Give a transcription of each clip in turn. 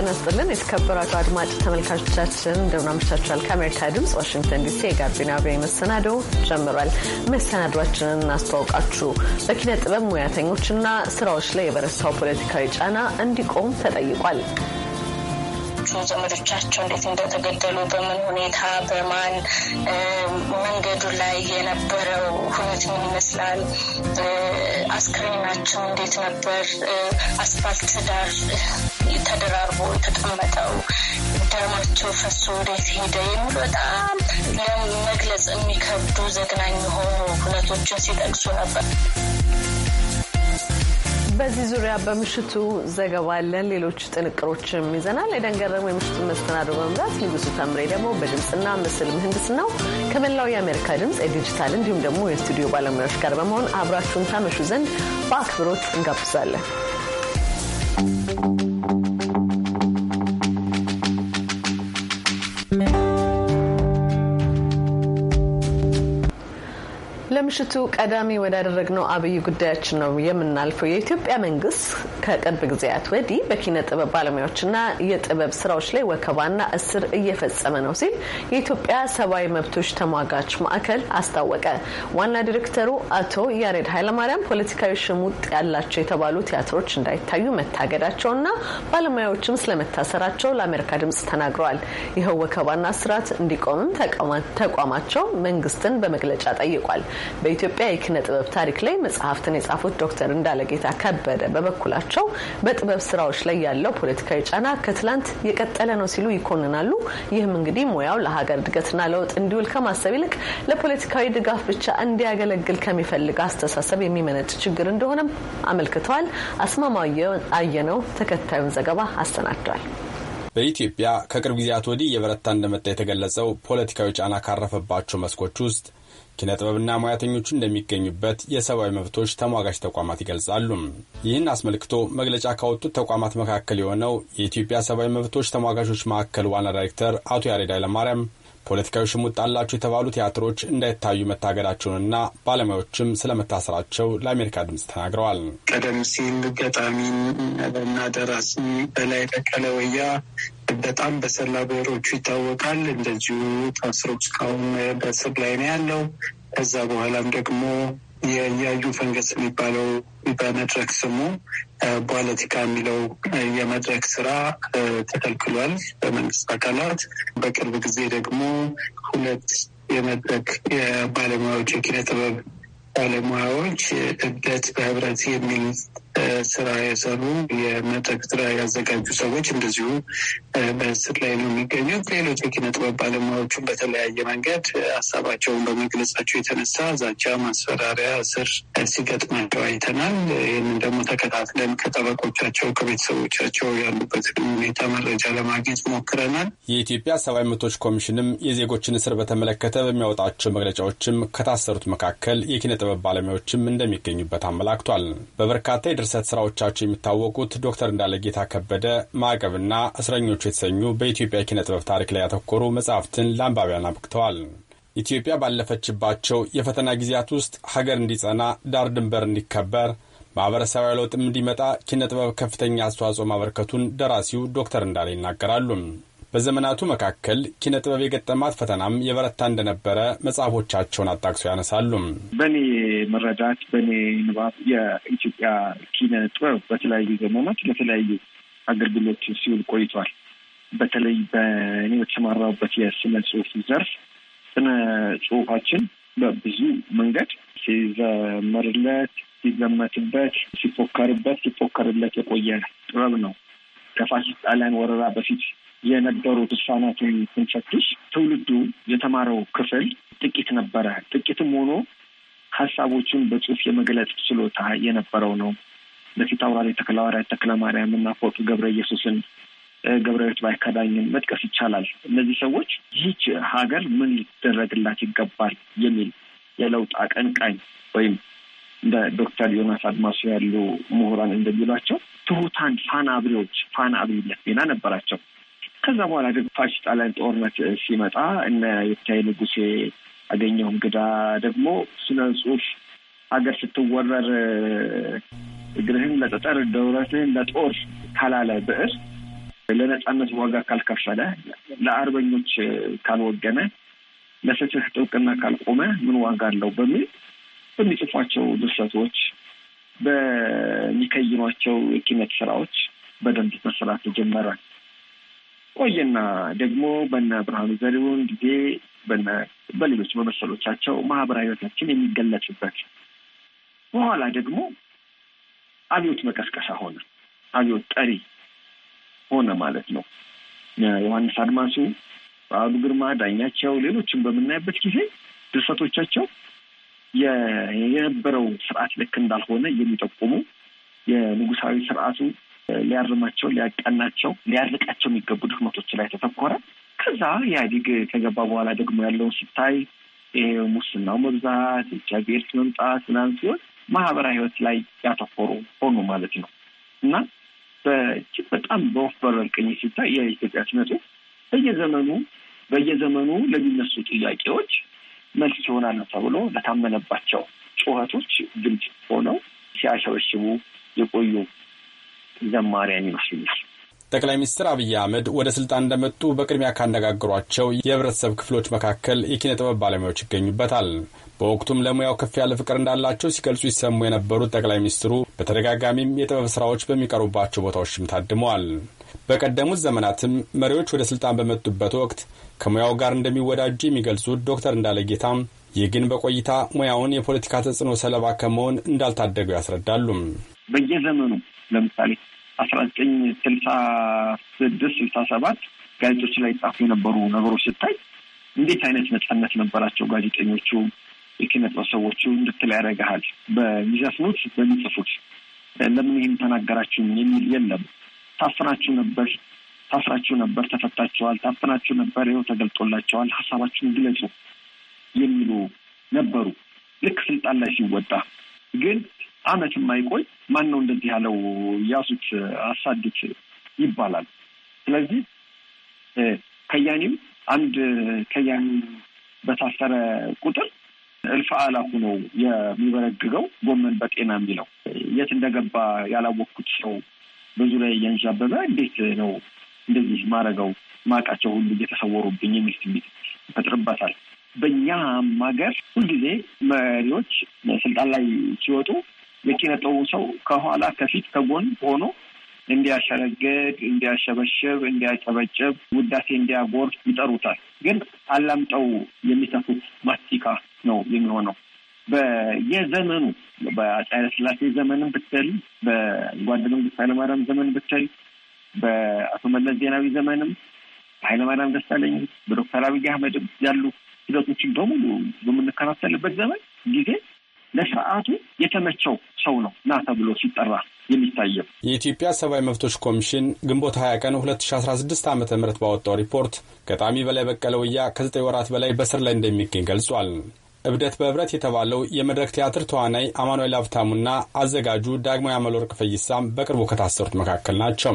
ጤና ይስጥልን የተከበራችሁ አድማጭ ተመልካቾቻችን እንደምን አምሽታችኋል። ከአሜሪካ ድምፅ ዋሽንግተን ዲሲ የጋቢና ቪ መሰናደው ጀምሯል። መሰናዷችንን እናስተዋውቃችሁ። በኪነ ጥበብ ሙያተኞችና ስራዎች ላይ የበረታው ፖለቲካዊ ጫና እንዲቆም ተጠይቋል። ዘመዶቻቸው እንዴት እንደተገደሉ በምን ሁኔታ በማን መንገዱ ላይ የነበረው ሁነት ምን ይመስላል? አስክሬናቸው እንዴት ነበር? አስፋልት ዳር ተደራርቦ የተቀመጠው ደማቸው ፈሶ ወዴት ሄደ የሚሉ በጣም ለመግለጽ የሚከብዱ ዘግናኝ የሆኑ ሁነቶችን ሲጠቅሱ ነበር። በዚህ ዙሪያ በምሽቱ ዘገባ አለን። ሌሎች ጥንቅሮችም ይዘናል። የደንገረሙ የምሽቱ መስተናዶ በመምራት ንጉሱ ተምሬ ደግሞ በድምፅና ምስል ምህንድስ ነው ከመላው የአሜሪካ ድምፅ የዲጂታል እንዲሁም ደግሞ የስቱዲዮ ባለሙያዎች ጋር በመሆን አብራችሁን ታመሹ ዘንድ በአክብሮት እንጋብዛለን። ለምሽቱ ቀዳሚ ወዳደረግነው አብይ ጉዳያችን ነው የምናልፈው። የኢትዮጵያ መንግስት ከቅርብ ጊዜያት ወዲህ በኪነ ጥበብ ባለሙያዎችና የጥበብ ስራዎች ላይ ወከባና እስር እየፈጸመ ነው ሲል የኢትዮጵያ ሰብአዊ መብቶች ተሟጋች ማዕከል አስታወቀ። ዋና ዲሬክተሩ አቶ ያሬድ ኃይለማርያም ፖለቲካዊ ሽሙጥ ያላቸው የተባሉ ቲያትሮች እንዳይታዩ መታገዳቸውና ባለሙያዎችም ስለመታሰራቸው ለአሜሪካ ድምጽ ተናግረዋል። ይኸው ወከባና እስራት እንዲቆምም ተቋማቸው መንግስትን በመግለጫ ጠይቋል። በኢትዮጵያ የኪነ ጥበብ ታሪክ ላይ መጽሐፍትን የጻፉት ዶክተር እንዳለጌታ ከበደ በበኩላቸው በጥበብ ስራዎች ላይ ያለው ፖለቲካዊ ጫና ከትላንት የቀጠለ ነው ሲሉ ይኮንናሉ። ይህም እንግዲህ ሙያው ለሀገር እድገትና ለውጥ እንዲውል ከማሰብ ይልቅ ለፖለቲካዊ ድጋፍ ብቻ እንዲያገለግል ከሚፈልግ አስተሳሰብ የሚመነጭ ችግር እንደሆነም አመልክተዋል። አስማማው አየነው ተከታዩን ዘገባ አሰናድቷል። በኢትዮጵያ ከቅርብ ጊዜያት ወዲህ የበረታ እንደመጣ የተገለጸው ፖለቲካዊ ጫና ካረፈባቸው መስኮች ውስጥ ኪነ ጥበብና ሙያተኞቹ እንደሚገኙበት የሰብአዊ መብቶች ተሟጋች ተቋማት ይገልጻሉ። ይህን አስመልክቶ መግለጫ ካወጡት ተቋማት መካከል የሆነው የኢትዮጵያ ሰብአዊ መብቶች ተሟጋቾች ማዕከል ዋና ዳይሬክተር አቶ ያሬድ ኃይለማርያም ፖለቲካዊ ሽሙጥ አላቸው የተባሉ ቲያትሮች እንዳይታዩ መታገዳቸውንና ባለሙያዎችም ስለመታሰራቸው ለአሜሪካ ድምፅ ተናግረዋል። ቀደም ሲል ገጣሚ እና ደራሲ በላይ በቀለ ወያ በጣም በሰላ ብዕሮቹ ይታወቃል። እንደዚሁ ታስሮ እስካሁን በእስር ላይ ነው ያለው። ከዛ በኋላም ደግሞ የያዩ ፈንገስ የሚባለው በመድረክ ስሙ ፖለቲካ የሚለው የመድረክ ስራ ተከልክሏል በመንግስት አካላት። በቅርብ ጊዜ ደግሞ ሁለት የመድረክ የባለሙያዎች የኪነ ጥበብ ባለሙያዎች እብደት በህብረት የሚል ስራ የሰሩ የመድረክ ስራ ያዘጋጁ ሰዎች እንደዚሁ በእስር ላይ ነው የሚገኙት። ሌሎች የኪነ ጥበብ ባለሙያዎቹን በተለያየ መንገድ ሀሳባቸውን በመግለጻቸው የተነሳ ዛቻ፣ ማስፈራሪያ፣ እስር ሲገጥማቸው አይተናል። ይህንን ደግሞ ተከታትለን ከጠበቆቻቸው ከቤተሰቦቻቸው ያሉበትን ሁኔታ መረጃ ለማግኘት ሞክረናል። የኢትዮጵያ ሰብአዊ መብቶች ኮሚሽንም የዜጎችን እስር በተመለከተ በሚያወጣቸው መግለጫዎችም ከታሰሩት መካከል የኪነ ጥበብ ባለሙያዎችም እንደሚገኙበት አመላክቷል። በበርካታ የድርሰት ስራዎቻቸው የሚታወቁት ዶክተር እንዳለጌታ ከበደ ማዕቀብና እስረኞቹ የተሰኙ በኢትዮጵያ ኪነ ጥበብ ታሪክ ላይ ያተኮሩ መጽሐፍትን ለአንባቢያን አብቅተዋል። ኢትዮጵያ ባለፈችባቸው የፈተና ጊዜያት ውስጥ ሀገር እንዲጸና፣ ዳር ድንበር እንዲከበር፣ ማህበረሰባዊ ለውጥም እንዲመጣ ኪነ ጥበብ ከፍተኛ አስተዋጽኦ ማበርከቱን ደራሲው ዶክተር እንዳለ ይናገራሉ። በዘመናቱ መካከል ኪነ ጥበብ የገጠማት ፈተናም የበረታ እንደነበረ መጽሐፎቻቸውን አጣቅሶ ያነሳሉም። በእኔ መረዳት፣ በእኔ ንባብ የኢትዮጵያ ኪነ ጥበብ በተለያዩ ዘመናት ለተለያዩ አገልግሎት ሲውል ቆይቷል። በተለይ በእኔ በተሰማራሁበት የስነ ጽሁፍ ዘርፍ ስነ ጽሁፋችን በብዙ መንገድ ሲዘመርለት፣ ሲዘመትበት፣ ሲፎከርበት ሲፎከርለት የቆየ ጥበብ ነው። ከፋሲስት ጣሊያን ወረራ በፊት የነበሩት እሷናቱን ስንፈትሽ ትውልዱ የተማረው ክፍል ጥቂት ነበረ። ጥቂትም ሆኖ ሀሳቦቹን በጽሁፍ የመግለጽ ችሎታ የነበረው ነው። በፊት አውራሪ ተክለሐዋርያት ተክለ ማርያም እና ፎቅ ገብረ ኢየሱስን ገብረዎች ባይከዳኝን መጥቀስ ይቻላል። እነዚህ ሰዎች ይህች ሀገር ምን ሊደረግላት ይገባል የሚል የለውጥ አቀንቃኝ ወይም እንደ ዶክተር ዮናስ አድማሱ ያሉ ምሁራን እንደሚሏቸው ትሁታን ፋና አብሬዎች ፋና አብሬነት ዜና ነበራቸው። ከዛ በኋላ ደግሞ ፋሽ ጣሊያን ጦርነት ሲመጣ እነ የታይ ንጉሴ አገኘውም እንግዳ ደግሞ ስነ ጽሁፍ ሀገር ስትወረር እግርህን ለጠጠር ደውረትህን ለጦር ካላለ ብዕር ለነጻነት ዋጋ ካልከፈለ ለአርበኞች ካልወገነ ለፍትህ ጥብቅና ካልቆመ ምን ዋጋ አለው በሚል በሚጽፏቸው ድርሰቶች፣ በሚከይኗቸው የኪነት ስራዎች በደንብ መሰራት ጀመረ። ቆየና ደግሞ በነ ብርሃኑ ዘሪሁን ጊዜ በነ በሌሎች በመሰሎቻቸው ማህበራዊ ህይወታችን የሚገለጽበት በኋላ ደግሞ አብዮት መቀስቀሻ ሆነ። አብዮት ጠሪ ሆነ ማለት ነው። ዮሐንስ አድማሱ፣ በዓሉ ግርማ፣ ዳኛቸው፣ ሌሎችም በምናይበት ጊዜ ድርሰቶቻቸው የነበረው ስርዓት ልክ እንዳልሆነ የሚጠቁሙ የንጉሳዊ ስርዓቱ ሊያርማቸው፣ ሊያቀናቸው፣ ሊያርቃቸው የሚገቡ ድክመቶች ላይ ተተኮረ። ከዛ ኢህአዴግ ከገባ በኋላ ደግሞ ያለውን ስታይ ሙስናው መብዛት፣ ኤች አይ ቪ ኤድስ መምጣት ምናምን ሲሆን ማህበራዊ ህይወት ላይ ያተኮሩ ሆኑ ማለት ነው እና በእጅግ በጣም በወፍ በረር ቅኝ ሲታይ የኢትዮጵያ ስነቱ በየዘመኑ በየዘመኑ ለሚነሱ ጥያቄዎች መልስ ይሆናል ተብሎ ለታመነባቸው ጩኸቶች ግልጽ ሆነው ሲያሸበሽቡ የቆዩ ዘማሪያን ይመስሉኛል። ጠቅላይ ሚኒስትር አብይ አህመድ ወደ ስልጣን እንደመጡ በቅድሚያ ካነጋግሯቸው የህብረተሰብ ክፍሎች መካከል የኪነ ጥበብ ባለሙያዎች ይገኙበታል። በወቅቱም ለሙያው ከፍ ያለ ፍቅር እንዳላቸው ሲገልጹ ይሰሙ የነበሩት ጠቅላይ ሚኒስትሩ በተደጋጋሚም የጥበብ ስራዎች በሚቀርቡባቸው ቦታዎችም ታድመዋል። በቀደሙት ዘመናትም መሪዎች ወደ ስልጣን በመጡበት ወቅት ከሙያው ጋር እንደሚወዳጁ የሚገልጹት ዶክተር እንዳለጌታም ይህ ግን በቆይታ ሙያውን የፖለቲካ ተጽዕኖ ሰለባ ከመሆን እንዳልታደገው ያስረዳሉም። በየዘመኑ ለምሳሌ አስራ ዘጠኝ ስልሳ ስድስት ስልሳ ሰባት ጋዜጦች ላይ ጻፉ የነበሩ ነገሮች ስታይ እንዴት አይነት ነጻነት ነበራቸው ጋዜጠኞቹ የኪነጥበ ሰዎቹ እንድትል ያደረግሃል በሚዘፍኑት በሚጽፉት ለምን ይህም ተናገራችሁም የሚል የለም። ታፍናችሁ ነበር፣ ታስራችሁ ነበር፣ ተፈታችኋል። ታፍናችሁ ነበር፣ ይኸው ተገልጦላቸዋል፣ ሀሳባችሁን ግለጹ የሚሉ ነበሩ። ልክ ስልጣን ላይ ሲወጣ ግን አመት የማይቆይ ማን ነው እንደዚህ ያለው? ያሱች አሳድች ይባላል። ስለዚህ ከያኒም አንድ ከያኒ በታሰረ ቁጥር እልፍ አላፉ ነው የሚበረግገው። ጎመን በጤና የሚለው የት እንደገባ ያላወቅኩት ሰው ብዙ ላይ እያንዣበበ እንዴት ነው እንደዚህ ማረገው ማቃቸው ሁሉ እየተሰወሩብኝ የሚል ስሜት ይፈጥርበታል። በእኛም ሀገር ሁልጊዜ መሪዎች ስልጣን ላይ ሲወጡ የኪነ ሰው ከኋላ ከፊት ከጎን ሆኖ እንዲያሸረግድ፣ እንዲያሸበሽብ፣ እንዲያጨበጭብ፣ ውዳሴ እንዲያጎርፍ ይጠሩታል። ግን አላምጠው የሚተፉት ማስቲካ ነው የሚሆነው። በየዘመኑ በአፄ ኃይለሥላሴ ዘመንም ብትል፣ በጓድ መንግስቱ ኃይለማርያም ዘመን ብትል፣ በአቶ መለስ ዜናዊ ዘመንም፣ በኃይለማርያም ደሳለኝ፣ በዶክተር አብይ አህመድም ያሉ ሂደቶችን በሙሉ በምንከታተልበት ዘመን ጊዜ ለስርዓቱ የተመቸው ሰው ነው ና ተብሎ ሲጠራ የሚታየው የኢትዮጵያ ሰብአዊ መብቶች ኮሚሽን ግንቦት 20 ቀን 2016 ዓ ም ባወጣው ሪፖርት ገጣሚ በላይ በቀለ ወያ ከ9 ወራት በላይ በስር ላይ እንደሚገኝ ገልጿል። እብደት በህብረት የተባለው የመድረክ ቲያትር ተዋናይ አማኑኤል ሀብታሙና አዘጋጁ ዳግማዊ አመለወርቅ ፈይሳም በቅርቡ ከታሰሩት መካከል ናቸው።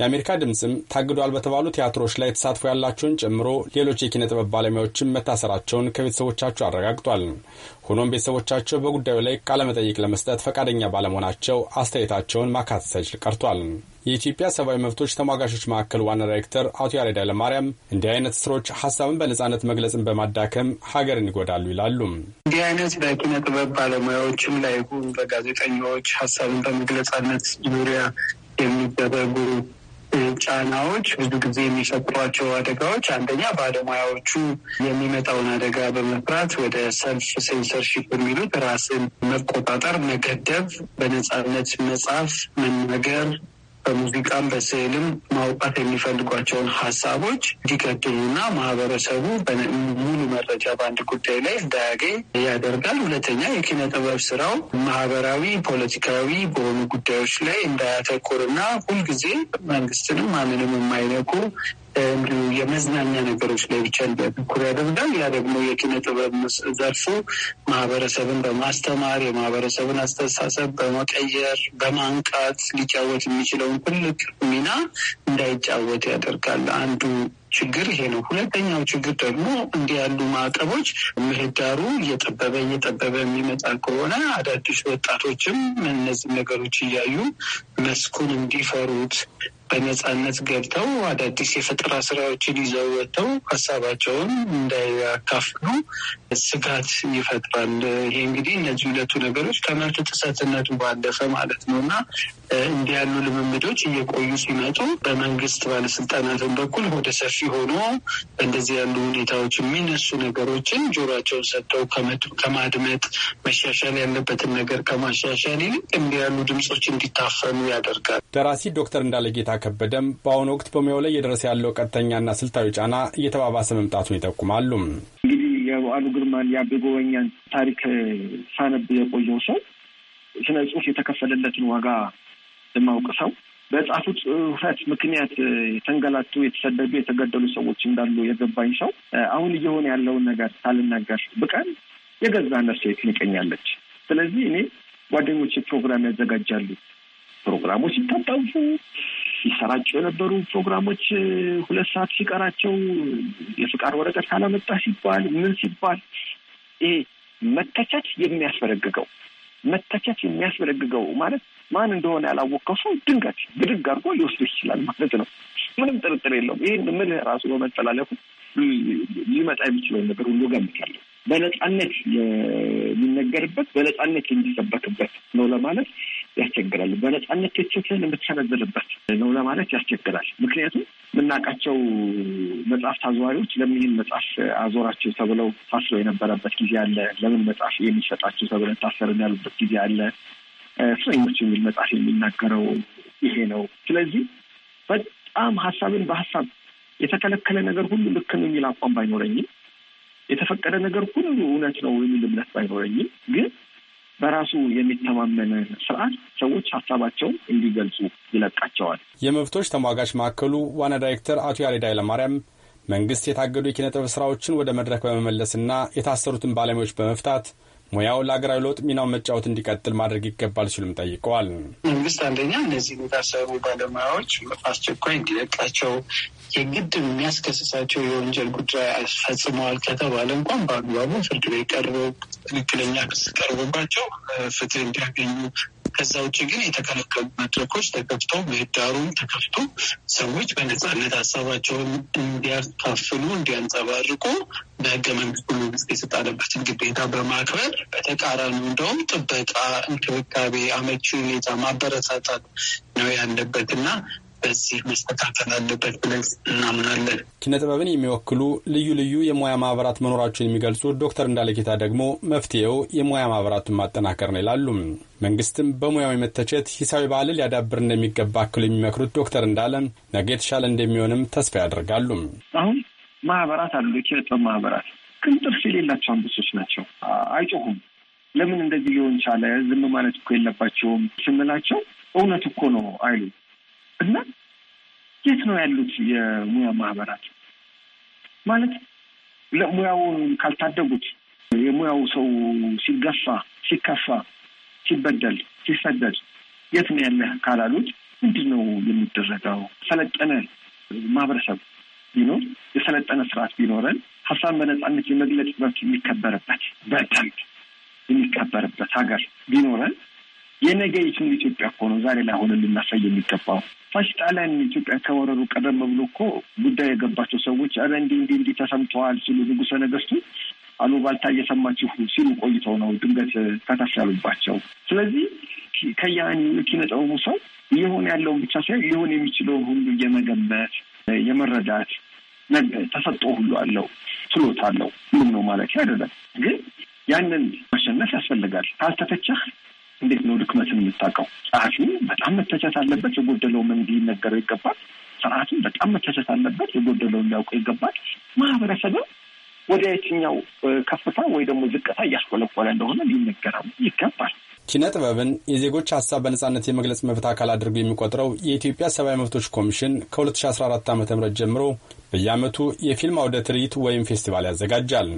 የአሜሪካ ድምፅም ታግዷል በተባሉ ቲያትሮች ላይ ተሳትፎ ያላቸውን ጨምሮ ሌሎች የኪነ ጥበብ ባለሙያዎችም መታሰራቸውን ከቤተሰቦቻቸው አረጋግጧል። ሆኖም ቤተሰቦቻቸው በጉዳዩ ላይ ቃለመጠይቅ ለመስጠት ፈቃደኛ ባለመሆናቸው አስተያየታቸውን ማካተት ሳይችል ቀርቷል። የኢትዮጵያ ሰብአዊ መብቶች ተሟጋቾች ማዕከል ዋና ዳይሬክተር አቶ ያሬድ ኃይለማርያም እንዲህ አይነት ስሮች ሀሳብን በነጻነት መግለጽን በማዳከም ሀገርን ይጎዳሉ ይላሉ። እንዲህ አይነት በኪነ ጥበብ ባለሙያዎችም ላይ ይሁን በጋዜጠኞች ሀሳብን በመግለጻነት ዙሪያ የሚደረጉ ጫናዎች ብዙ ጊዜ የሚፈጥሯቸው አደጋዎች አንደኛ ባለሙያዎቹ የሚመጣውን አደጋ በመፍራት ወደ ሰልፍ ሴንሰርሺፕ የሚሉት ራስን መቆጣጠር፣ መገደብ፣ በነጻነት መጻፍ፣ መናገር በሙዚቃም በስዕልም ማውጣት የሚፈልጓቸውን ሀሳቦች እንዲቀጥሉና ማህበረሰቡ ሙሉ መረጃ በአንድ ጉዳይ ላይ እንዳያገኝ ያደርጋል። ሁለተኛ የኪነ ጥበብ ስራው ማህበራዊ፣ ፖለቲካዊ በሆኑ ጉዳዮች ላይ እንዳያተኩርና ሁልጊዜ መንግስትንም ማንንም የማይነኩ እንዲሁ የመዝናኛ ነገሮች ላይ ብቻ እንዲያተኩር ያደርጋል። ያ ደግሞ የኪነ ጥበብ ዘርፉ ማህበረሰብን በማስተማር የማህበረሰብን አስተሳሰብ በመቀየር በማንቃት ሊጫወት የሚችለውን ትልቅ ሚና እንዳይጫወት ያደርጋል። አንዱ ችግር ይሄ ነው። ሁለተኛው ችግር ደግሞ እንዲህ ያሉ ማዕቀቦች ምህዳሩ እየጠበበ እየጠበበ የሚመጣ ከሆነ አዳዲስ ወጣቶችም እነዚህ ነገሮች እያዩ መስኩን እንዲፈሩት በነጻነት ገብተው አዳዲስ የፈጠራ ስራዎችን ይዘው ወጥተው ሀሳባቸውን እንዳያካፍሉ ስጋት ይፈጥራል። ይሄ እንግዲህ እነዚህ ሁለቱ ነገሮች ከመርት ጥሰትነቱ ባለፈ ማለት ነው እና እንዲህ ያሉ ልምምዶች እየቆዩ ሲመጡ በመንግስት ባለስልጣናትን በኩል ወደ ሰፊ ሆኖ እንደዚህ ያሉ ሁኔታዎች የሚነሱ ነገሮችን ጆሯቸውን ሰጥተው ከማድመጥ መሻሻል ያለበትን ነገር ከማሻሻል ይልቅ እንዲህ ያሉ ድምፆች እንዲታፈኑ ያደርጋል። ደራሲ ዶክተር እንዳለጌታ ከበደም በአሁኑ ወቅት በሙያው ላይ እየደረሰ ያለው ቀጥተኛና ስልታዊ ጫና እየተባባሰ መምጣቱን ይጠቁማሉ። እንግዲህ የበዓሉ ግርማን የአቤጎበኛን ታሪክ ሳነብ የቆየው ሰው ስነ ጽሁፍ የተከፈለለትን ዋጋ የማውቅ ሰው በጻፉ ጽሁፈት ምክንያት የተንገላቱ፣ የተሰደዱ፣ የተገደሉ ሰዎች እንዳሉ የገባኝ ሰው አሁን እየሆነ ያለውን ነገር ሳልናገር ብቀን የገዛ ነፍሴ ትንቀኛለች። ስለዚህ እኔ ጓደኞች ፕሮግራም ያዘጋጃሉ ፕሮግራሞች ሲታጠፉ ይሰራጩ የነበሩ ፕሮግራሞች ሁለት ሰዓት ሲቀራቸው የፍቃድ ወረቀት ካላመጣ ሲባል ምን ሲባል ይሄ መተቸት የሚያስበረግገው መተቸት የሚያስበረግገው ማለት ማን እንደሆነ ያላወቀው ሰው ድንገት ብድግ አድርጎ ሊወስዱ ይችላል ማለት ነው። ምንም ጥርጥር የለውም። ይህን ምን ራሱ በመጠላለፉ ሊመጣ የሚችለውን ነገር ሁሉ ገምታለሁ። በነጻነት የሚነገርበት በነጻነት የሚሰበክበት ነው ለማለት ያስቸግራል። በነጻነት ትችትህን የምትሰነዝርበት ነው ለማለት ያስቸግራል። ምክንያቱም የምናውቃቸው መጽሐፍት አዘዋሪዎች ለምን ይህን መጽሐፍ ተብለው ታስሮ የነበረበት ጊዜ አለ። ለምን መጽሐፍ የሚሰጣቸው ተብለን ታሰርን ያሉበት ጊዜ አለ። እስረኞች የሚል መጽሐፍ የሚናገረው ይሄ ነው። ስለዚህ በጣም ሀሳብን በሀሳብ የተከለከለ ነገር ሁሉ ልክ ነው የሚል አቋም ባይኖረኝም የተፈቀደ ነገር ሁሉ እውነት ነው የሚል እምነት ባይኖረኝም ግን በራሱ የሚተማመን ስርዓት ሰዎች ሀሳባቸውን እንዲገልጹ ይለቃቸዋል። የመብቶች ተሟጋች ማዕከሉ ዋና ዳይሬክተር አቶ ያሬድ ኃይለማርያም መንግስት የታገዱ የኪነጥበብ ጥበብ ስራዎችን ወደ መድረክ በመመለስና የታሰሩትን ባለሙያዎች በመፍታት ሙያው ለአገራዊ ለውጥ ሚናውን መጫወት እንዲቀጥል ማድረግ ይገባል ሲሉም ጠይቀዋል። መንግስት አንደኛ እነዚህ የታሰሩ ባለሙያዎች አስቸኳይ እንዲለቃቸው የግድ የሚያስከስሳቸው የወንጀል ጉዳይ አስፈጽመዋል ከተባለ እንኳን በአግባቡ ፍርድ ቤት ቀርበው ትክክለኛ ክስ ቀርቦባቸው ፍትህ እንዲያገኙ ከዛ ውጭ ግን የተከለከሉ መድረኮች ተከፍቶ ምህዳሩም ተከፍቶ ሰዎች በነፃነት ሀሳባቸውን እንዲያካፍሉ እንዲያንጸባርቁ በህገ መንግስቱ መንግስት የሰጣለበትን ግዴታ በማክበር በተቃራኒ እንደውም ጥበቃ፣ እንክብካቤ፣ አመቺ ሁኔታ ማበረታታት ነው ያለበት እና በዚህ መስተካከል አለበት ብለን እናምናለን። ኪነ ጥበብን የሚወክሉ ልዩ ልዩ የሙያ ማህበራት መኖራቸውን የሚገልጹ ዶክተር እንዳለጌታ ደግሞ መፍትሄው የሙያ ማህበራቱን ማጠናከር ነው ይላሉም። መንግስትም በሙያዊ መተቸት ሂሳዊ ባህል ሊያዳብር እንደሚገባ አክሉ የሚመክሩት ዶክተር እንዳለ ነገ የተሻለ እንደሚሆንም ተስፋ ያደርጋሉ። አሁን ማህበራት አሉ፣ የኪነ ጥበብ ማህበራት ግን ጥርስ የሌላቸው አንበሶች ናቸው። አይጮሁም። ለምን እንደዚህ ሊሆን ቻለ? ዝም ማለት እኮ የለባቸውም ስንላቸው እውነት እኮ ነው አይሉ እና የት ነው ያሉት የሙያ ማህበራት ማለት ለሙያውን ካልታደጉት የሙያው ሰው ሲገፋ፣ ሲከፋ፣ ሲበደል፣ ሲሰደድ የት ነው ያለህ ካላሉት ምንድን ነው የሚደረገው? ሰለጠነ ማህበረሰብ ቢኖር የሰለጠነ ስርዓት ቢኖረን ሀሳብን በነፃነት የመግለጽ መብት የሚከበርበት በደንብ የሚከበርበት ሀገር ቢኖረን የነገ ኢትዮጵያ እኮ ነው ዛሬ ላይ ሆነ ልናሳይ የሚገባው። ፋሽ ጣሊያን ኢትዮጵያ ከወረሩ ቀደም ብሎ እኮ ጉዳዩ የገባቸው ሰዎች ኧረ እንዲህ እንዲህ እንዲህ ተሰምተዋል ሲሉ ነገስቱ አሉ አሉባልታ እየሰማችሁ ሲሉ ቆይተው ነው ድንገት ከተፍ ያሉባቸው። ስለዚህ ከያን ኪነ ጥበቡ ሰው እየሆነ ያለውን ብቻ ሳይሆን ሊሆን የሚችለው ሁሉ የመገመት የመረዳት ተሰጥቶ ሁሉ አለው፣ ችሎታ አለው። ሁሉም ነው ማለት አይደለም፣ ግን ያንን ማሸነፍ ያስፈልጋል። ካልተተቸህ እንዴት ነው ድክመትን የምታውቀው? ጸሐፊው በጣም መተቸት አለበት። የጎደለው መንዲ ሊነገረው ይገባል። ስርዓቱም በጣም መተቸት አለበት። የጎደለው ሊያውቀው ይገባል። ማህበረሰብም ወደ የትኛው ከፍታ ወይ ደግሞ ዝቅታ እያስኮለኮለ እንደሆነ ሊነገረው ይገባል። ኪነ ጥበብን የዜጎች ሀሳብ በነጻነት የመግለጽ መብት አካል አድርጎ የሚቆጥረው የኢትዮጵያ ሰብአዊ መብቶች ኮሚሽን ከ2014 ዓ ም ጀምሮ በየዓመቱ የፊልም አውደ ትርኢት ወይም ፌስቲቫል ያዘጋጃል።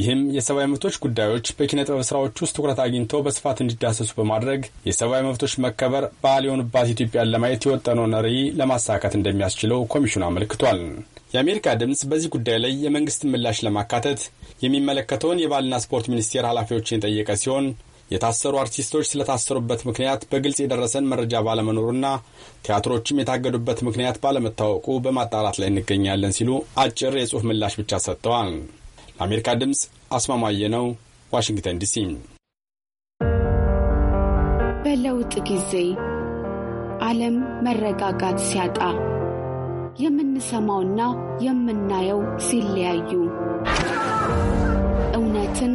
ይህም የሰብአዊ መብቶች ጉዳዮች በኪነ ጥበብ ስራዎች ውስጥ ትኩረት አግኝተው በስፋት እንዲዳሰሱ በማድረግ የሰብአዊ መብቶች መከበር ባህል የሆኑባት ኢትዮጵያን ለማየት የወጠነውን ርዕይ ለማሳካት እንደሚያስችለው ኮሚሽኑ አመልክቷል። የአሜሪካ ድምፅ በዚህ ጉዳይ ላይ የመንግስትን ምላሽ ለማካተት የሚመለከተውን የባህልና ስፖርት ሚኒስቴር ኃላፊዎችን የጠየቀ ሲሆን የታሰሩ አርቲስቶች ስለታሰሩበት ምክንያት በግልጽ የደረሰን መረጃ ባለመኖሩና ቲያትሮችም የታገዱበት ምክንያት ባለመታወቁ በማጣራት ላይ እንገኛለን ሲሉ አጭር የጽሑፍ ምላሽ ብቻ ሰጥተዋል። ለአሜሪካ ድምፅ አስማማየ ነው፣ ዋሽንግተን ዲሲ። በለውጥ ጊዜ ዓለም መረጋጋት ሲያጣ የምንሰማውና የምናየው ሲለያዩ እውነትን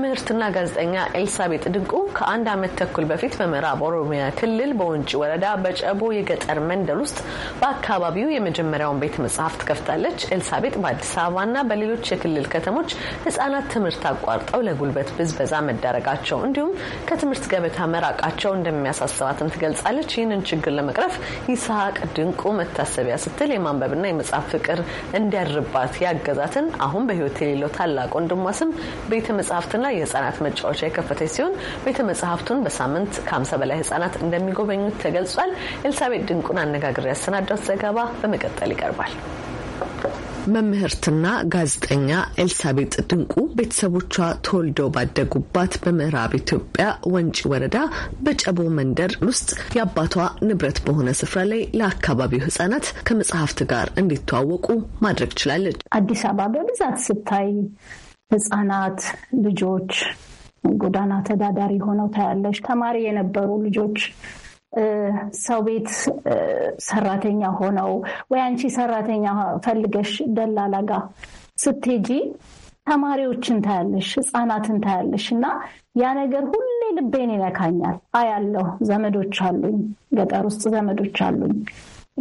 መምህርትና ጋዜጠኛ ኤልሳቤጥ ድንቁ ከአንድ ዓመት ተኩል በፊት በምዕራብ ኦሮሚያ ክልል በወንጪ ወረዳ በጨቦ የገጠር መንደር ውስጥ በአካባቢው የመጀመሪያውን ቤተ መጽሐፍት ከፍታለች። ኤልሳቤጥ በአዲስ አበባና በሌሎች የክልል ከተሞች ህጻናት ትምህርት አቋርጠው ለጉልበት ብዝበዛ መዳረጋቸው እንዲሁም ከትምህርት ገበታ መራቃቸው እንደሚያሳስባትም ትገልጻለች። ይህንን ችግር ለመቅረፍ ይስሐቅ ድንቁ መታሰቢያ ስትል የማንበብና የመጽሐፍ ፍቅር እንዲያድርባት ያገዛትን አሁን በህይወት የሌለው ታላቅ ወንድሟ ስም ቤተ መጽሐፍትን ላይ የህጻናት መጫወቻ የከፈተች ሲሆን ቤተ መጽሐፍቱን በሳምንት ከ50 በላይ ህጻናት እንደሚጎበኙት ተገልጿል። ኤልሳቤት ድንቁን አነጋግር ያሰናዳት ዘገባ በመቀጠል ይቀርባል። መምህርትና ጋዜጠኛ ኤልሳቤጥ ድንቁ ቤተሰቦቿ ተወልደው ባደጉባት በምዕራብ ኢትዮጵያ ወንጪ ወረዳ በጨቦ መንደር ውስጥ የአባቷ ንብረት በሆነ ስፍራ ላይ ለአካባቢው ህጻናት ከመጽሐፍት ጋር እንዲተዋወቁ ማድረግ ችላለች። አዲስ አበባ በብዛት ስታይ ህጻናት ልጆች ጎዳና ተዳዳሪ ሆነው ታያለች ተማሪ የነበሩ ልጆች ሰው ቤት ሰራተኛ ሆነው ወይ አንቺ ሰራተኛ ፈልገሽ ደላላ ጋ ስትሄጂ ተማሪዎችን ታያለሽ፣ ህፃናትን ታያለሽ። እና ያ ነገር ሁሌ ልቤን ይነካኛል። አያለሁ። ዘመዶች አሉኝ፣ ገጠር ውስጥ ዘመዶች አሉኝ።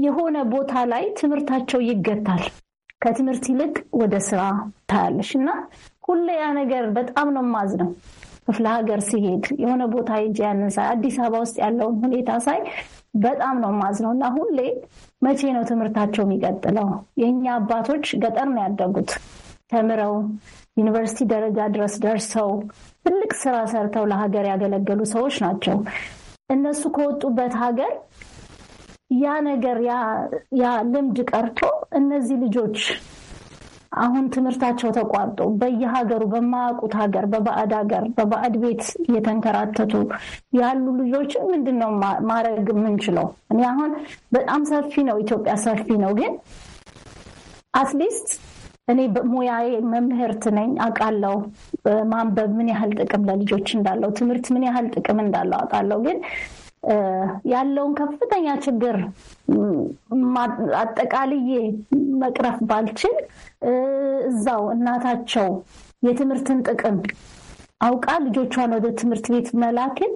የሆነ ቦታ ላይ ትምህርታቸው ይገታል። ከትምህርት ይልቅ ወደ ስራ ታያለሽ እና ሁሌ ያ ነገር በጣም ነው ማዝ ነው። ክፍለ ሀገር ሲሄድ የሆነ ቦታ ሄጄ ያንን ሳይ አዲስ አበባ ውስጥ ያለውን ሁኔታ ሳይ በጣም ነው ማዝ ነው እና ሁሌ መቼ ነው ትምህርታቸው የሚቀጥለው? የእኛ አባቶች ገጠር ነው ያደጉት ተምረው ዩኒቨርሲቲ ደረጃ ድረስ ደርሰው ትልቅ ስራ ሰርተው ለሀገር ያገለገሉ ሰዎች ናቸው። እነሱ ከወጡበት ሀገር ያ ነገር ያ ልምድ ቀርቶ እነዚህ ልጆች አሁን ትምህርታቸው ተቋርጦ በየሀገሩ በማያውቁት ሀገር በባዕድ ሀገር በባዕድ ቤት እየተንከራተቱ ያሉ ልጆችን ምንድን ነው ማድረግ የምንችለው? እኔ አሁን በጣም ሰፊ ነው ኢትዮጵያ ሰፊ ነው። ግን አትሊስት እኔ ሙያዬ መምህርት ነኝ አውቃለሁ። ማንበብ ምን ያህል ጥቅም ለልጆች እንዳለው፣ ትምህርት ምን ያህል ጥቅም እንዳለው አውቃለሁ ግን ያለውን ከፍተኛ ችግር አጠቃልዬ መቅረፍ ባልችል እዛው እናታቸው የትምህርትን ጥቅም አውቃ ልጆቿን ወደ ትምህርት ቤት መላክን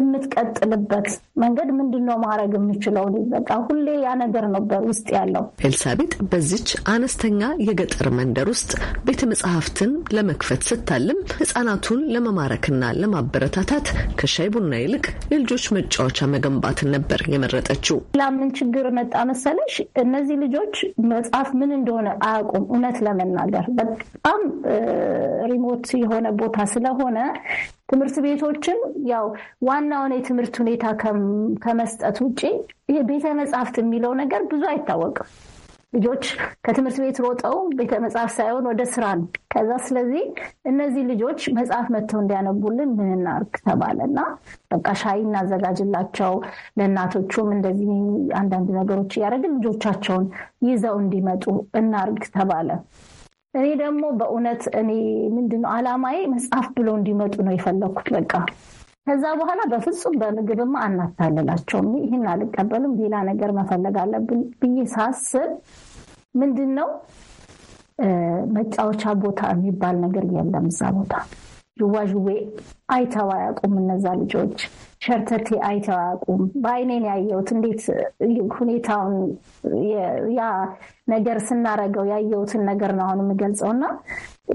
የምትቀጥልበት መንገድ ምንድን ነው ማድረግ የምችለው? በቃ ሁሌ ያ ነገር ነበር ውስጥ ያለው። ኤልሳቤጥ በዚች አነስተኛ የገጠር መንደር ውስጥ ቤተ መጽሐፍትን ለመክፈት ስታልም ህፃናቱን ለመማረክና ለማበረታታት ከሻይ ቡና ይልቅ የልጆች መጫወቻ መገንባትን ነበር የመረጠችው። ላምን ችግር መጣ መሰለሽ፣ እነዚህ ልጆች መጽሐፍ ምን እንደሆነ አያውቁም። እውነት ለመናገር በጣም ሪሞት የሆነ ቦታ ስለሆነ ትምህርት ቤቶችም ያው ዋናውን የትምህርት ሁኔታ ከመስጠት ውጭ ይሄ ቤተ መጽሐፍት የሚለው ነገር ብዙ አይታወቅም። ልጆች ከትምህርት ቤት ሮጠው ቤተ መጽሐፍ ሳይሆን ወደ ስራ ነው። ከዛ ስለዚህ እነዚህ ልጆች መጽሐፍ መጥተው እንዲያነቡልን ምን እናድርግ ተባለ እና በቃ ሻይ እናዘጋጅላቸው፣ ለእናቶቹም እንደዚህ አንዳንድ ነገሮች እያደረግን ልጆቻቸውን ይዘው እንዲመጡ እናርግ ተባለ። እኔ ደግሞ በእውነት እኔ ምንድነው አላማዬ መጽሐፍ ብሎ እንዲመጡ ነው የፈለግኩት። በቃ ከዛ በኋላ በፍጹም በምግብማ አናታልላቸውም፣ ይህን አልቀበልም፣ ሌላ ነገር መፈለግ አለብን ብዬ ሳስብ ምንድን ነው መጫወቻ ቦታ የሚባል ነገር የለም እዛ ቦታ። ዥዋዥዌ አይተው አያውቁም እነዛ ልጆች። ሸርተቴ አይተዋቁም። በአይኔን ያየሁት እንዴት ሁኔታውን ያ ነገር ስናረገው ያየሁትን ነገር ነው አሁን የምገልጸው እና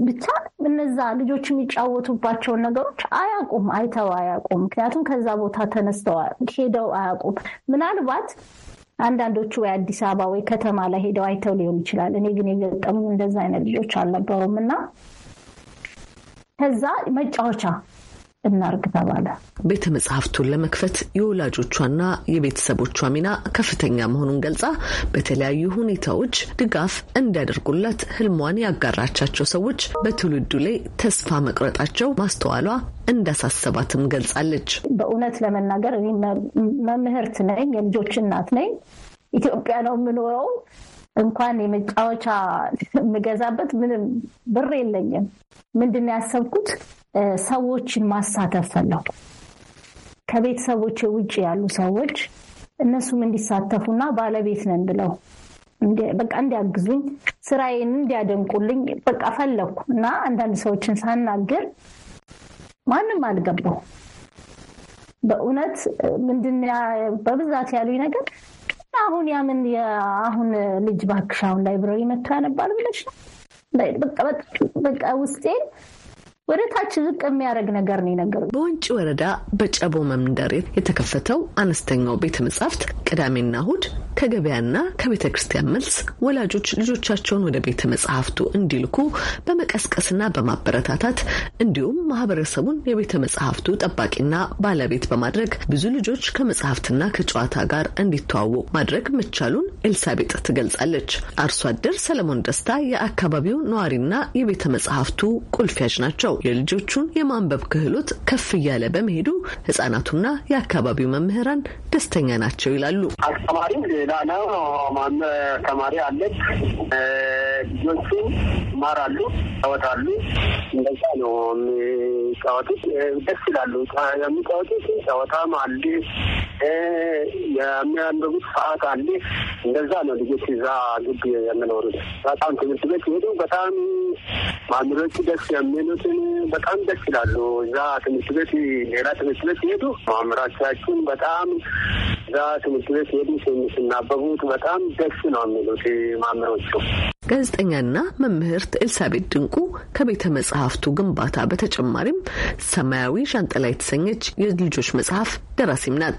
ብቻ እነዛ ልጆች የሚጫወቱባቸውን ነገሮች አያውቁም፣ አይተው አያውቁም። ምክንያቱም ከዛ ቦታ ተነስተው ሄደው አያውቁም። ምናልባት አንዳንዶቹ ወይ አዲስ አበባ ወይ ከተማ ላይ ሄደው አይተው ሊሆን ይችላል። እኔ ግን የገጠሙ እንደዛ አይነት ልጆች አልነበሩም እና ከዛ መጫወቻ እናርግ ተባለ። ቤተ መጽሐፍቱን ለመክፈት የወላጆቿና የቤተሰቦቿ ሚና ከፍተኛ መሆኑን ገልጻ በተለያዩ ሁኔታዎች ድጋፍ እንዲያደርጉላት ህልሟን ያጋራቻቸው ሰዎች በትውልዱ ላይ ተስፋ መቅረጣቸው ማስተዋሏ እንዳሳሰባትም ገልጻለች። በእውነት ለመናገር መምህርት ነኝ፣ የልጆች እናት ነኝ። ኢትዮጵያ ነው የምኖረው። እንኳን የመጫወቻ የምገዛበት ምንም ብር የለኝም። ምንድን ነው ያሰብኩት ሰዎችን ማሳተፍ ፈለው ከቤተሰቦች ውጭ ያሉ ሰዎች እነሱም እንዲሳተፉና ባለቤት ነን ብለው በቃ እንዲያግዙኝ ስራዬን እንዲያደንቁልኝ በቃ ፈለግኩ እና አንዳንድ ሰዎችን ሳናግር ማንም አልገባው። በእውነት ምንድን በብዛት ያሉኝ ነገር አሁን ያምን የአሁን ልጅ ባክሽ አሁን ላይብረሪ መጥቶ ያነባል ብለሽ ነው በቃ ውስጤን ወደ ታች ዝቅ የሚያደርግ ነገር ነው ነገሩ። በወንጪ ወረዳ በጨቦ መምደር የተከፈተው አነስተኛው ቤተ መጻሕፍት ቅዳሜና እሁድ ከገበያና ከቤተ ክርስቲያን መልስ ወላጆች ልጆቻቸውን ወደ ቤተ መጽሐፍቱ እንዲልኩ በመቀስቀስና በማበረታታት እንዲሁም ማህበረሰቡን የቤተ መጽሐፍቱ ጠባቂና ባለቤት በማድረግ ብዙ ልጆች ከመጽሐፍትና ከጨዋታ ጋር እንዲተዋወቁ ማድረግ መቻሉን ኤልሳቤጥ ትገልጻለች። አርሶ አደር ሰለሞን ደስታ የአካባቢው ነዋሪና የቤተ መጽሐፍቱ ቁልፊያጅ ናቸው። የልጆቹን የማንበብ ክህሎት ከፍ እያለ በመሄዱ ህጻናቱና የአካባቢው መምህራን ደስተኛ ናቸው ይላሉ። አስተማሪም ሌላ ነው ተማሪ አለች። ልጆቹ ይማራሉ፣ ይጫወታሉ። እንደዛ ነው የሚጫወቱት። ደስ ይላሉ የሚጫወቱት። ጨዋታም አለ፣ የሚያንበቡት ሰዓት አለ። እንደዛ ነው ልጆች እዛ ግቢ የምኖሩት። በጣም ትምህርት ቤት ሄዱ። በጣም ማምሮቹ ደስ የሚሉትን በጣም ደስ ይላሉ። እዛ ትምህርት ቤት ሌላ ትምህርት ቤት ሄዱ። ማምራቻችን በጣም እዛ ቤት ሲሄዱ ስናበቡት በጣም ደስ ነው የሚሉት ማምሮቹ። ጋዜጠኛና መምህርት ኤልሳቤት ድንቁ ከቤተ መጽሐፍቱ ግንባታ በተጨማሪም ሰማያዊ ዣንጥላ የተሰኘች የልጆች መጽሐፍ ደራሲም ናት።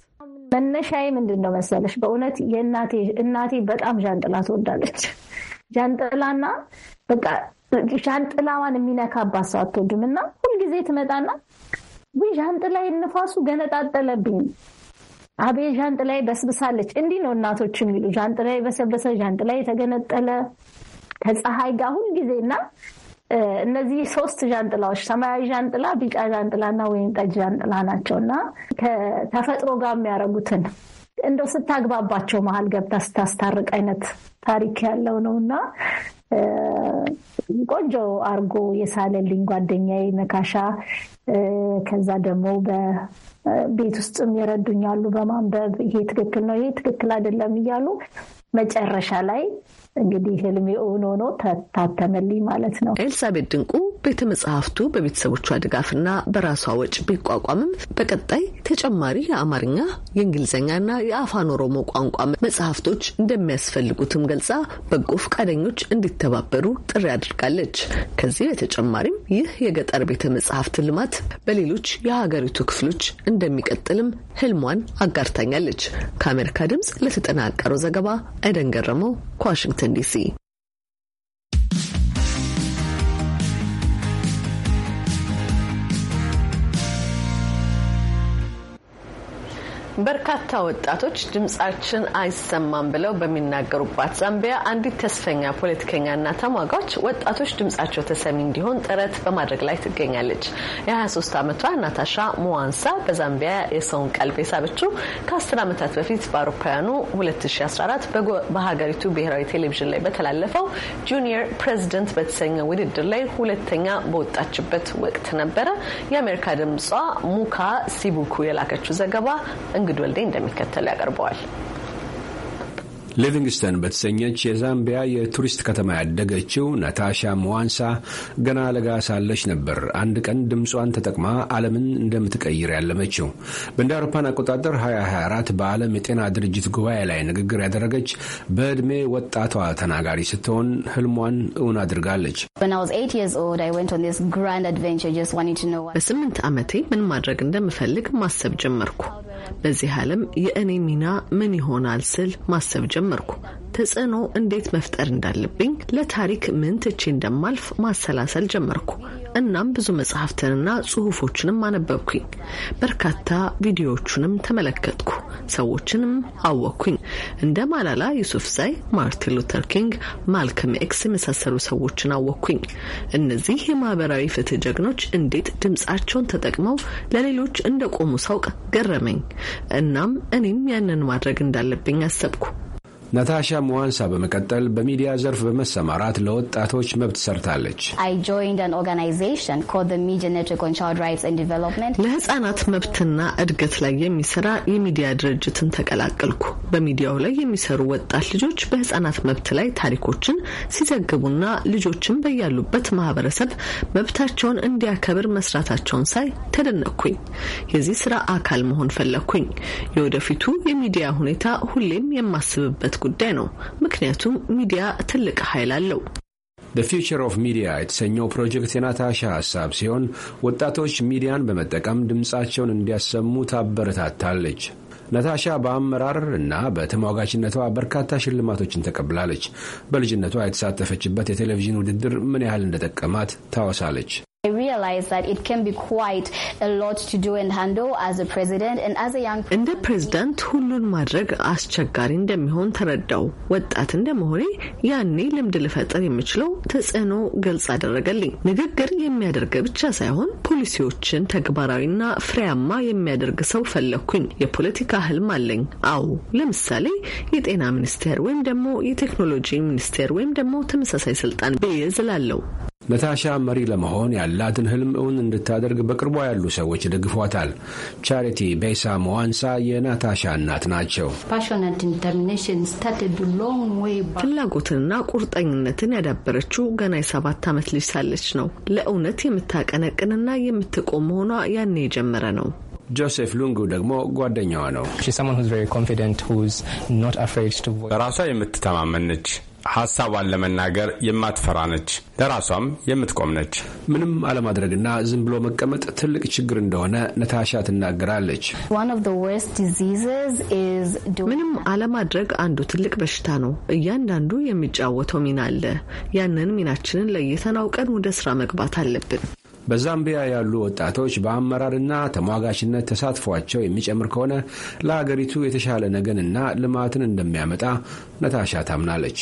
መነሻዬ ምንድን ነው መሰለሽ? በእውነት የእናቴ እናቴ በጣም ዣንጥላ ትወዳለች። ዣንጥላና በቃ ዣንጥላዋን የሚነካባት ሰው አትወድም እና ሁልጊዜ ትመጣና ዣንጥላ የነፋሱ ገነጣጠለብኝ አቤ ዣንጥላይ በስብሳለች እንዲህ ነው እናቶች የሚሉ ዣንጥላይ በሰበሰ ዣንጥላይ የተገነጠለ ከፀሐይ ጋር ሁልጊዜና እነዚህ ሶስት ዣንጥላዎች ሰማያዊ ዣንጥላ፣ ቢጫ እና ወይም ጠጅ ዣንጥላ ናቸው እና ከተፈጥሮ ጋር የሚያደርጉትን እንደው ስታግባባቸው መሀል ገብታ ስታስታርቅ አይነት ታሪክ ያለው ነው እና ቆንጆ አርጎ የሳለልኝ ጓደኛዬ ነካሻ። ከዛ ደግሞ በቤት ውስጥም የረዱኛሉ በማንበብ ይሄ ትክክል ነው፣ ይሄ ትክክል አይደለም እያሉ መጨረሻ ላይ እንግዲህ ህልሜ እውን ሆኖ ታተመልኝ ማለት ነው። ኤልሳቤት ድንቁ ቤተ መጽሐፍቱ በቤተሰቦቿ ድጋፍና በራሷ ወጪ ቢቋቋምም በቀጣይ ተጨማሪ የአማርኛ የእንግሊዝኛና የአፋን ኦሮሞ ቋንቋ መጽሐፍቶች እንደሚያስፈልጉትም ገልጻ በጎ ፈቃደኞች እንዲተባበሩ ጥሪ አድርጋለች። ከዚህ በተጨማሪም ይህ የገጠር ቤተ መጽሐፍት ልማት በሌሎች የሀገሪቱ ክፍሎች እንደሚቀጥልም ህልሟን አጋርታኛለች። ከአሜሪካ ድምጽ ለተጠናቀረው ዘገባ አይደን ገረመው ከዋሽንግተን Washington, D.C. በርካታ ወጣቶች ድምጻችን አይሰማም ብለው በሚናገሩባት ዛምቢያ አንዲት ተስፈኛ ፖለቲከኛና ተሟጋች ወጣቶች ድምጻቸው ተሰሚ እንዲሆን ጥረት በማድረግ ላይ ትገኛለች። የ23 ዓመቷ ናታሻ ሞዋንሳ በዛምቢያ የሰውን ቀልብ የሳበችው ከ10 ዓመታት በፊት በአውሮፓውያኑ 2014 በሀገሪቱ ብሔራዊ ቴሌቪዥን ላይ በተላለፈው ጁኒየር ፕሬዚደንት በተሰኘ ውድድር ላይ ሁለተኛ በወጣችበት ወቅት ነበረ። የአሜሪካ ድምጿ ሙካ ሲቡኩ የላከችው ዘገባ እንግድ ወልዴ እንደሚከተል ያቀርበዋል። ሊቪንግስተን በተሰኘች የዛምቢያ የቱሪስት ከተማ ያደገችው ናታሻ ሙዋንሳ ገና ለጋ ሳለች ነበር አንድ ቀን ድምጿን ተጠቅማ ዓለምን እንደምትቀይር ያለመችው። በእንደ አውሮፓን አቆጣጠር 2024 በዓለም የጤና ድርጅት ጉባኤ ላይ ንግግር ያደረገች በዕድሜ ወጣቷ ተናጋሪ ስትሆን ህልሟን እውን አድርጋለች። በስምንት ዓመቴ ምን ማድረግ እንደምፈልግ ማሰብ ጀመርኩ። በዚህ ዓለም የእኔ ሚና ምን ይሆናል ስል ማሰብ ጀመርኩ። ተጽዕኖ እንዴት መፍጠር እንዳለብኝ፣ ለታሪክ ምን ትቼ እንደማልፍ ማሰላሰል ጀመርኩ። እናም ብዙ መጽሐፍትንና ጽሁፎችንም አነበብኩኝ። በርካታ ቪዲዮዎቹንም ተመለከትኩ። ሰዎችንም አወቅኩኝ። እንደ ማላላ ዩሱፍ ዛይ፣ ማርቲን ሉተር ኪንግ፣ ማልከም ኤክስ የመሳሰሉ ሰዎችን አወቅኩኝ። እነዚህ የማህበራዊ ፍትህ ጀግኖች እንዴት ድምፃቸውን ተጠቅመው ለሌሎች እንደቆሙ ሳውቅ ገረመኝ። እናም እኔም ያንን ማድረግ እንዳለብኝ አሰብኩ። ናታሻ ሙዋንሳ በመቀጠል በሚዲያ ዘርፍ በመሰማራት ለወጣቶች መብት ሰርታለች። ለህጻናት መብትና እድገት ላይ የሚሰራ የሚዲያ ድርጅትን ተቀላቀልኩ። በሚዲያው ላይ የሚሰሩ ወጣት ልጆች በህጻናት መብት ላይ ታሪኮችን ሲዘግቡና ልጆችን በያሉበት ማህበረሰብ መብታቸውን እንዲያከብር መስራታቸውን ሳይ ተደነቅኩኝ። የዚህ ስራ አካል መሆን ፈለግኩኝ። የወደፊቱ የሚዲያ ሁኔታ ሁሌም የማስብበት ጉዳይ ነው። ምክንያቱም ሚዲያ ትልቅ ኃይል አለው። ዘ ፊውቸር ኦፍ ሚዲያ የተሰኘው ፕሮጀክት የናታሻ ሀሳብ ሲሆን ወጣቶች ሚዲያን በመጠቀም ድምፃቸውን እንዲያሰሙ ታበረታታለች። ናታሻ በአመራር እና በተሟጋችነቷ በርካታ ሽልማቶችን ተቀብላለች። በልጅነቷ የተሳተፈችበት የቴሌቪዥን ውድድር ምን ያህል እንደጠቀማት ታወሳለች። እንደ ፕሬዝዳንት ሁሉን ማድረግ አስቸጋሪ እንደሚሆን ተረዳው። ወጣት እንደመሆኔ ያኔ ልምድ ልፈጥር የምችለው ተጽዕኖ ግልጽ አደረገልኝ። ንግግር የሚያደርግ ብቻ ሳይሆን ፖሊሲዎችን ተግባራዊና ፍሬያማ የሚያደርግ ሰው ፈለግኩኝ። የፖለቲካ ህልም አለኝ። አዎ፣ ለምሳሌ የጤና ሚኒስቴር ወይም ደግሞ የቴክኖሎጂ ሚኒስቴር ወይም ደግሞ ተመሳሳይ ስልጣን ብይዝ እላለሁ። ነታሻ መሪ ለመሆን ያላትን ህልም እውን እንድታደርግ በቅርቧ ያሉ ሰዎች ደግፏታል። ቻሪቲ ቤሳ መዋንሳ የናታሻ እናት ናቸው። ፍላጎትንና ቁርጠኝነትን ያዳበረችው ገና የሰባት ዓመት ልጅ ሳለች ነው። ለእውነት የምታቀነቅንና የምትቆም መሆኗ ያኔ የጀመረ ነው። ጆሴፍ ሉንጉ ደግሞ ጓደኛዋ ነው። በራሷ የምትተማመን ነች። ሀሳቧን ለመናገር የማትፈራ ነች። ለራሷም የምትቆም ነች። ምንም አለማድረግና ዝም ብሎ መቀመጥ ትልቅ ችግር እንደሆነ ነታሻ ትናገራለች። ምንም አለማድረግ አንዱ ትልቅ በሽታ ነው። እያንዳንዱ የሚጫወተው ሚና አለ። ያንን ሚናችንን ለይተን አውቀን ወደ ስራ መግባት አለብን። በዛምቢያ ያሉ ወጣቶች በአመራርና ተሟጋችነት ተሳትፏቸው የሚጨምር ከሆነ ለሀገሪቱ የተሻለ ነገንና ልማትን እንደሚያመጣ ነታሻ ታምናለች።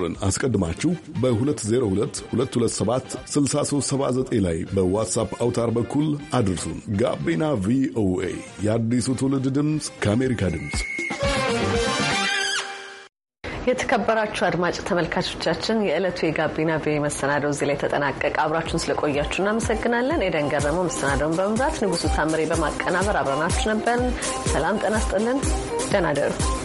ቁጥርን አስቀድማችሁ በ202227 6379 ላይ በዋትሳፕ አውታር በኩል አድርሱን። ጋቢና ቪኦኤ የአዲሱ ትውልድ ድምፅ ከአሜሪካ ድምፅ የተከበራችሁ አድማጭ ተመልካቾቻችን የዕለቱ የጋቢና ቪ መሰናደው እዚህ ላይ ተጠናቀቀ። አብራችሁን ስለቆያችሁ እናመሰግናለን። ኤደን ገረመው መሰናደውን በመምራት ንጉሱ ታምሬ በማቀናበር አብረናችሁ ነበርን። ሰላም ጤና ይስጥልን። ደህና ደሩ